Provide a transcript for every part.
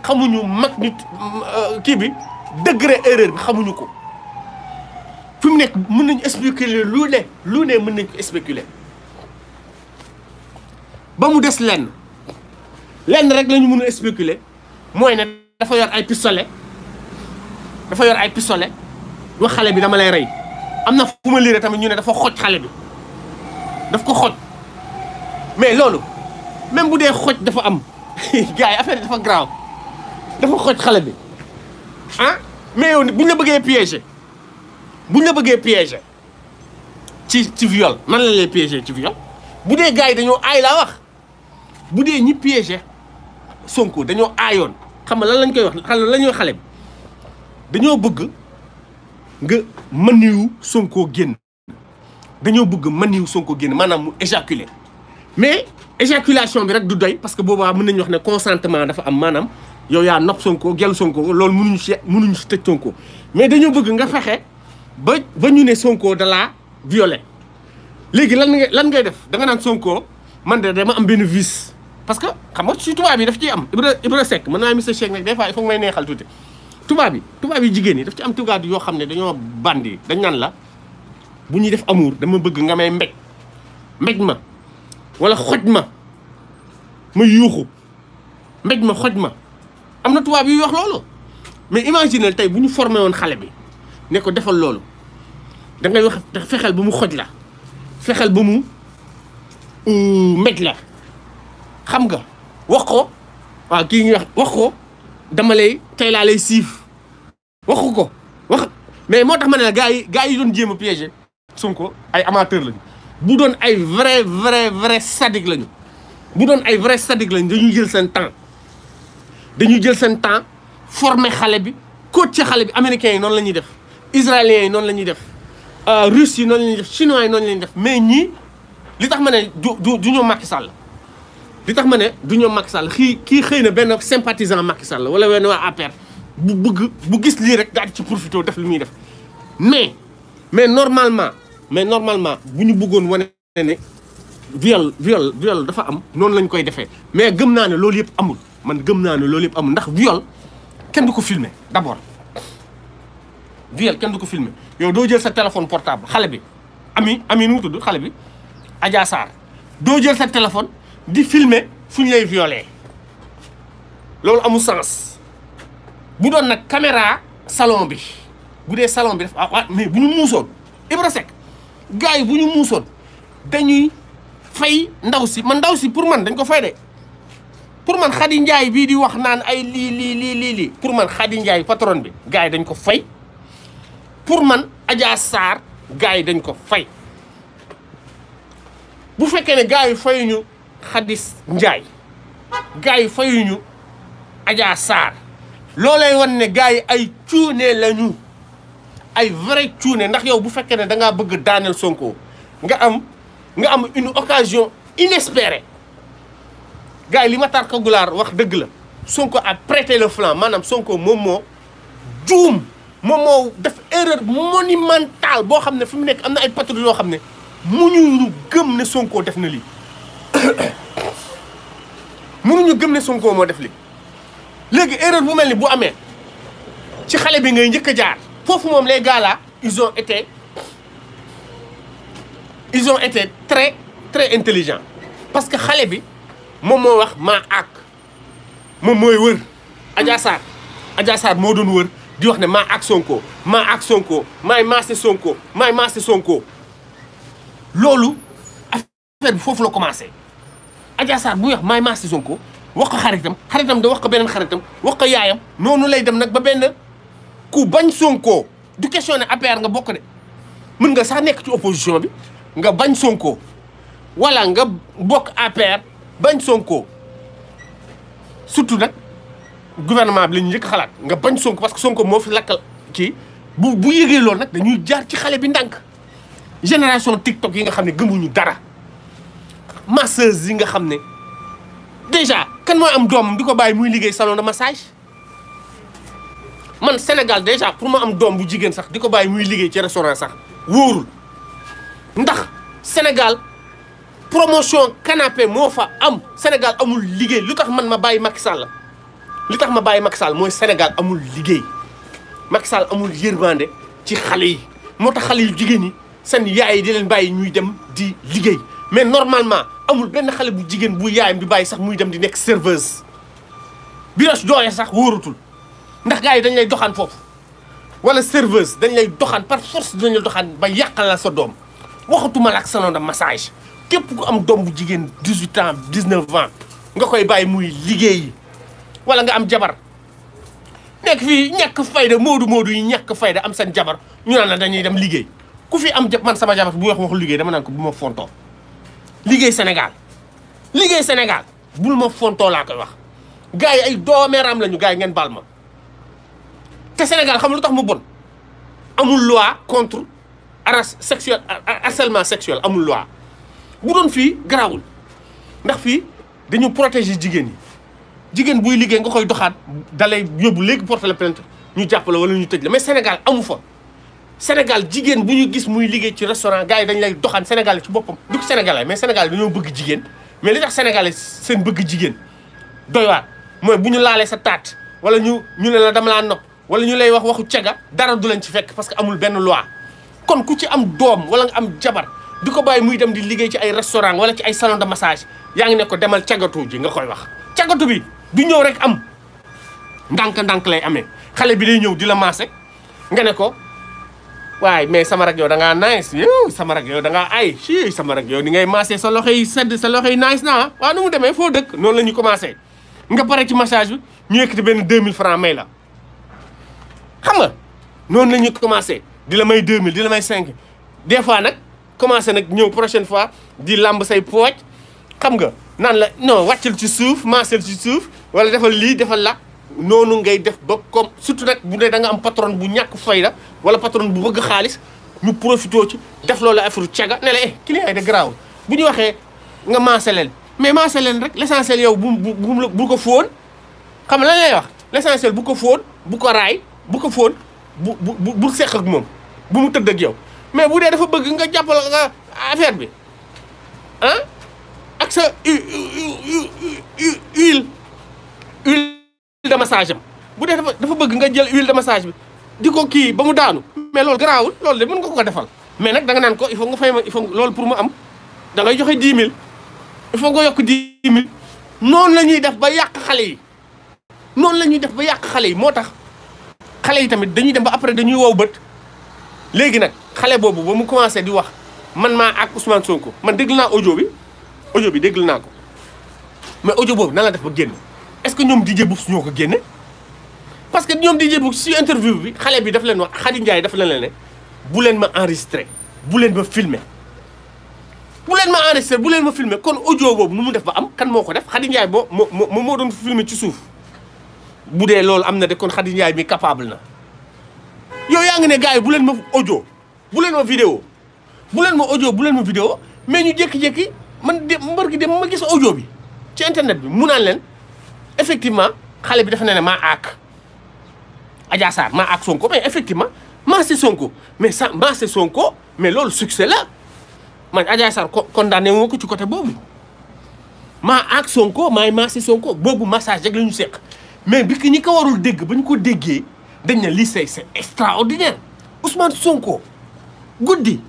xamuñu mag nit kii bi degré erreur bi xamuñu ko fi mu nekk mën nañu spéculer lu ne lu ne mën nañu ko spéculer ba mu des lenn lenn rek la ñu mën a spéculer mooy ne dafa yor ay pistolet dafa yor ay pistolet wax xale bi dama lay rey am na fu ma liire tamit ñu ne dafa xoj xale bi daf ko xoj mais loolu même bu dee xoj dafa am gars yi affaire dafa grave vous xoj bi hein? mais si ne ñu la piéger bu la pièges piéger tu ci viol man la piéger ci viol piégé, gars wax bu ñi piéger Sonko xam vous lan lañ koy wax piégé, bëgg nga Sonko dañu bëgg maniw Sonko éjaculer mais éjaculation bi rek du doy parce que le mënañ wax ne consentement dafa am manam yow yaa nopp Sonko gel Sonko loolu mënuñu si mënuñu si tëj Sonko mais dañoo bëgg nga fexe ba ba ñu ne Sonko da laa violé léegi lan ngay lan ngay def danga naan Sonko man de dama am benn parce que xam nga si tubaab yi daf ciy am Ibra mën naa monsieur Cheikh nag des fois il faut may neexal tuuti tubaab yi tubaab yi jigéen yi daf ci am tubaab yoo xam ne dañoo bandi dañ naan la bu ñuy def amour dama bëgg nga may mbéj mbéj ma wala xoj ma ma yuuxu mbéj ma xoj ma. amna mais imaginez tay vous formé won xalé bi ne ko defal lolu da ngay wax bu mu xoj la mu euh, met la xam nga wax ko wa wax wax mais motax mané gaay gaay yu doon piéger amateur lañu bu vrai vrai vrai sadique lañu bu doon vrai sadique lañu jël temps dañuy jël sen temps former xale bi coach xale bi américain non lañuy def israélien non lañuy def euh russe non lañuy def chinois non lañuy def mais ñii li tax mané duñu du Macky Sall li tax mané duñu du ñoom Macky Sall xii kii xëy na sympathisant Macky Sall wala wenn wa APR bu bëgg bu gis li rek daal ci profité def li muy def mais mais normalement mais normalement buñu ñu bëggoon wane ne viol viol viol dafa am non lañ koy defee mais gëm na né loolu yëpp amul man gëm naa ne loolu yëpp amul ndax viol kenn du ko filmer d'abord viol kenn du ko filmer yow doo jël sa téléphone portable xale bi ami ami nu mu tudd xale bi Adja doo jël sa téléphone di filmer fu ñu lay violé loolu amul sens bu doon nag caméra salon bi bu dee salon bi dafa ah, ah, mais bu ñu muusoon Ibra Seck gars yi bu ñu muusoon dañuy fay ndaw si man ndaw si pour man dañ ko fay de pour man Khady Ndiaye bii di wax naan ay lii lii lii lii pour man Khady Ndiaye patron bi gars yi dañ ko fay pour man ajaa Sarr gars yi dañ ko fay bu fekkee ne gars yi fayuñu Khady Ndiaye gars yi fayuñu Adja Sarr loolay wan ne gars yi ay cuune lañu ay vrai cuune ndax yow bu fekkee ne da ngaa bëgg daaneel Sonko nga am nga am une occasion inespérée gars li Matar wax Sonko prêté le flanc manam Sonko Momo, def erreur monumentale Ils xamné ne nek amna ay patrouille Sonko def na ne Sonko mo def li erreur bu melni bu amé ci bi les gars ils ont été ils ont été très très intelligents parce que xalé moom moo wax maa ak moom mooy wër Adja Sarr Adja Sarr moo doon wër di wax ne maa ak Sonko maa ak Sonko maay maase Sonko maay maase Sonko loolu affaire bi foofu la commencé Adja Sarr bu wax maay maase Sonko wax ko xaritam xaritam da wax ko beneen xaritam wax ko yaayam noonu lay dem nag ba benn ku bañ Sonko du question ne APR nga bokk de mën nga sax nekk ci opposition bi nga bañ Sonko walla nga bokk APR bañ sonkoo surtout nag gouvernement bi la njëkk xalaat nga bañ Sonko parce que Sonko moo lakkal kii bu bu yëgee loolu nag dañuy jaar ci xale bi ndànk génération TikTok yi nga xam ne gëmuñu dara masseuse yi nga xam ne déjà kan mooy am doom di ko bàyyi muy liggéey salon de massage man Sénégal déjà pour ma am doom bu jigéen sax di ko bàyyi muy liggéey ci restaurant sax wóorul ndax Sénégal. promotion canapé moo fa am Sénégal amul liggéey lu tax man ma bàyyi Macky Sall li tax ma bàyyi Macky Sall mooy Sénégal amul liggéey Macky Sall amul yërmande ci xale yi moo tax xale yu jigéen yi seen yaay yi di bàyyi ñuy dem di liggéey mais normalement amul benn xale bu jigéen bu yaayam di bàyyi sax muy dem di nekk serveuse biros dooyee sax wóoratul ndax gars yi dañ lay doxaan foofu wala serveuse dañ lay doxaan par force dañ lay doxaan ba yàqal la sa doom waxatuma ak salon de képp ku am doom jigéen dix-huit ans dix-neuf ans nga koy bàyyi muy liggéeyi wala nga am jabar nekk fii ñàkk fayda moodu moodu yi ñàkk fayda am seen jabar ñu naan la dañuy dem liggéey ku fi am man sama jabar bu wax waxu liggéey dama naan ko bu ma fontoo liggéey Sénégal liggéey Sénégal bul ma fontoo laa koy wax gars yi ay doomeeraam lañu gars yi ngeen baal te Sénégal xam lu tax mu bon amul loi contre harassement sexuel harcèlement sexuel amul loi bu doon fii garaawul ndax fii dañu protéger jigéen yi jigéen buy liggéey nga koy doxaat dalay yóbbu léegi porter la ñu jàpp la wala ñu tëj la mais Sénégal amu fa Sénégal jigéen bu ñu gis muy liggéey ci restaurant gars yi dañ lay doxaan Sénégal ci boppam du ko Sénégalais mais Sénégal dañoo bëgg jigéen mais li tax Sénégalais seen bëgg jigéen doy waar mooy bu ñu laalee sa taat wala ñu ñu ne la dama laa nopp wala ñu lay wax waxu cega dara du leen ci fekk parce que amul benn loi kon ku ci am doom wala am jabar diko bay muy dem di liggey ci ay restaurant wala ci ay salon de massage yaa ngi ne ko demal ciagatu ji nga koy wax ciagatu bi du ñew rek am ndank ndank lay amé xalé bi day ñew di la maase nga ne ko way mais sama rag yow da nga nice yow sama rag yow da nga ay ci sama rag yow ni ngay maase sa loxey sedd sa loxey nice na wa nu mu démé fo dekk non lañu commencé nga paré ci massage bi ñu yëkkati ben 2000 francs may la xam nga non lañu commencé di la may 2000 di la may 5 des fois nak à nak la prochaine fois di lamb say xam nga nan la non ci ci souf wala defal li defal la nonu ngay def ba comme surtout nak bu da nga am patron bu wala patron bu bëgg xaaliss ñu profito ci def loolu afru ciaga ne la eh client ay de bu ñu nga mais rek l'essentiel yow bu bu ko xam lan lay wax l'essentiel bu ko bu ko raay bu ko bu bu ak bu mu ak yow. mais bu dee dafa bëgg nga jàppal nga affaire bi ah ak sa huile huile de massage am bu dee dafa dafa bëgg nga jël huile de massage bi di ko kii ba mu daanu mais loolu garaawul loolu de mën nga ko ko defal mais nag da nga naan ko il faut nga fay ma il faut loolu pour mu am da ngay joxe 10000 il faut nga yokk 10000 mille noonu la ñuy def ba yàq xale yi noonu la ñuy def ba yàq xale yi moo tax xale yi tamit dañuy dem ba après dañuy wow bët léegi nag xale boobu ba mu commencé di wax man maa ak Ousmane ko man déglu naa ojo bi ojo bi déglu naa ko mais audio boobu nan la def ba génn est-ce que ñoom DJ Boubs ñoo ko génne parce que ñoom DJ Boubs si interview bi xale bi daf leen wax Khady Ndiaye daf leen la ne bu leen ma enregistré bu leen ma filmer bu leen ma enregistré bu leen ma filmer kon ojo boobu nu mu def ba am kan moo ko def Khady Ndiaye moo moo moo doon filmer ci suuf bu dee loolu am na de kon Khady Ndiaye mi yow yaa ngi ne gars yi bu leen ma audio bu leen ma vidéo bu leen ma audio bu leen ma vidéo mais ñu jékki-jékki man de mbër gi de ma gis audio bi ci internet bi mu naan leen effectivement xale bi dafa ne ne ma aak Adja ma maa aak Sonko mais effectivement maa si Sonko mais sa maa si Sonko mais loolu succès la man Adja Sarr condamné woo ko ci côté boobu maa aak Sonko maay maa si Sonko boobu massage rek la seq mais bi ki ñi ko warul dégg ba ñu ko déggee. dañ ne lii c'est c'est extraordinaire Ousmane Sonko guddi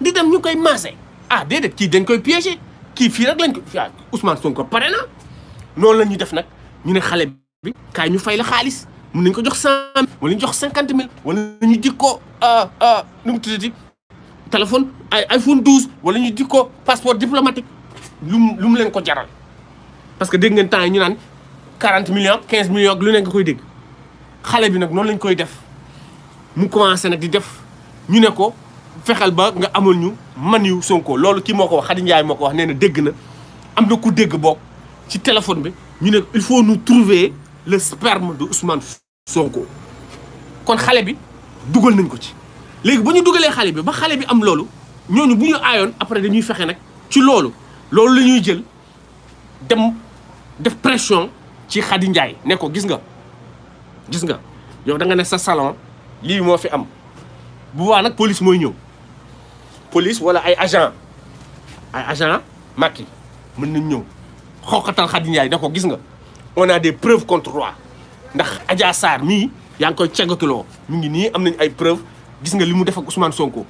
di dem ñu koy maase ah déedéet kii dañ koy piéger kii fii rek lañ ko waaw ah, Sonko pare na noonu la ñuy def nag ñu ne xale bi kaay ñu fay la xaalis mun nañ ko jox cent ñu jox cinquante mille wala ñu dik ko ah, ah, nu mu tuddati téléphone iPhone 12 wala ñu dik ko passeport diplomatique lu mu lu mu leen ko jaral parce que dégg ngeen temps yi ñu naan quarante millions quinze millions ak lu ne nga koy dégg. xalé bi nak non lañ koy def mu commencé nak di def ñu ne ko fexal ba nga amul ñu man yu Sonko loolu ki moko wax Xadi Njaay moko wax neena na na am na ku dégg bok ci téléphone bi ñu ne il faut nous trouver le sperme de Ousmane Sonko kon xalé bi duggal nañ ko ci légui ba ñu dugalee xale bi ba xalé bi am loolu ñooñu bu ñu après dañuy fexé nak ci loolu loolu lañuy jël dem def pression ci Xadi Njaay ne ko gis nga gis nga yow da nga ne sa salon li mo fi am bu wa nak police moy ñew police wala ay agent ay agent Macky mën na ñew xokatal Khady ñay da ko gis nga on a des preuves contre roi ndax Adja sar mi yang ngi koy cegatuloo mi ngi ni am nañ ay preuves gis nga limu def ak Ousmane Sonko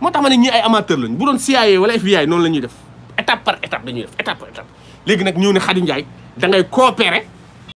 motax mané ñi ay amateur lañ bu doon CIA wala FBI non lañuy def étape par étape dañuy def étape par étape légui nak ñew ne Khady ñay da ngay coopérer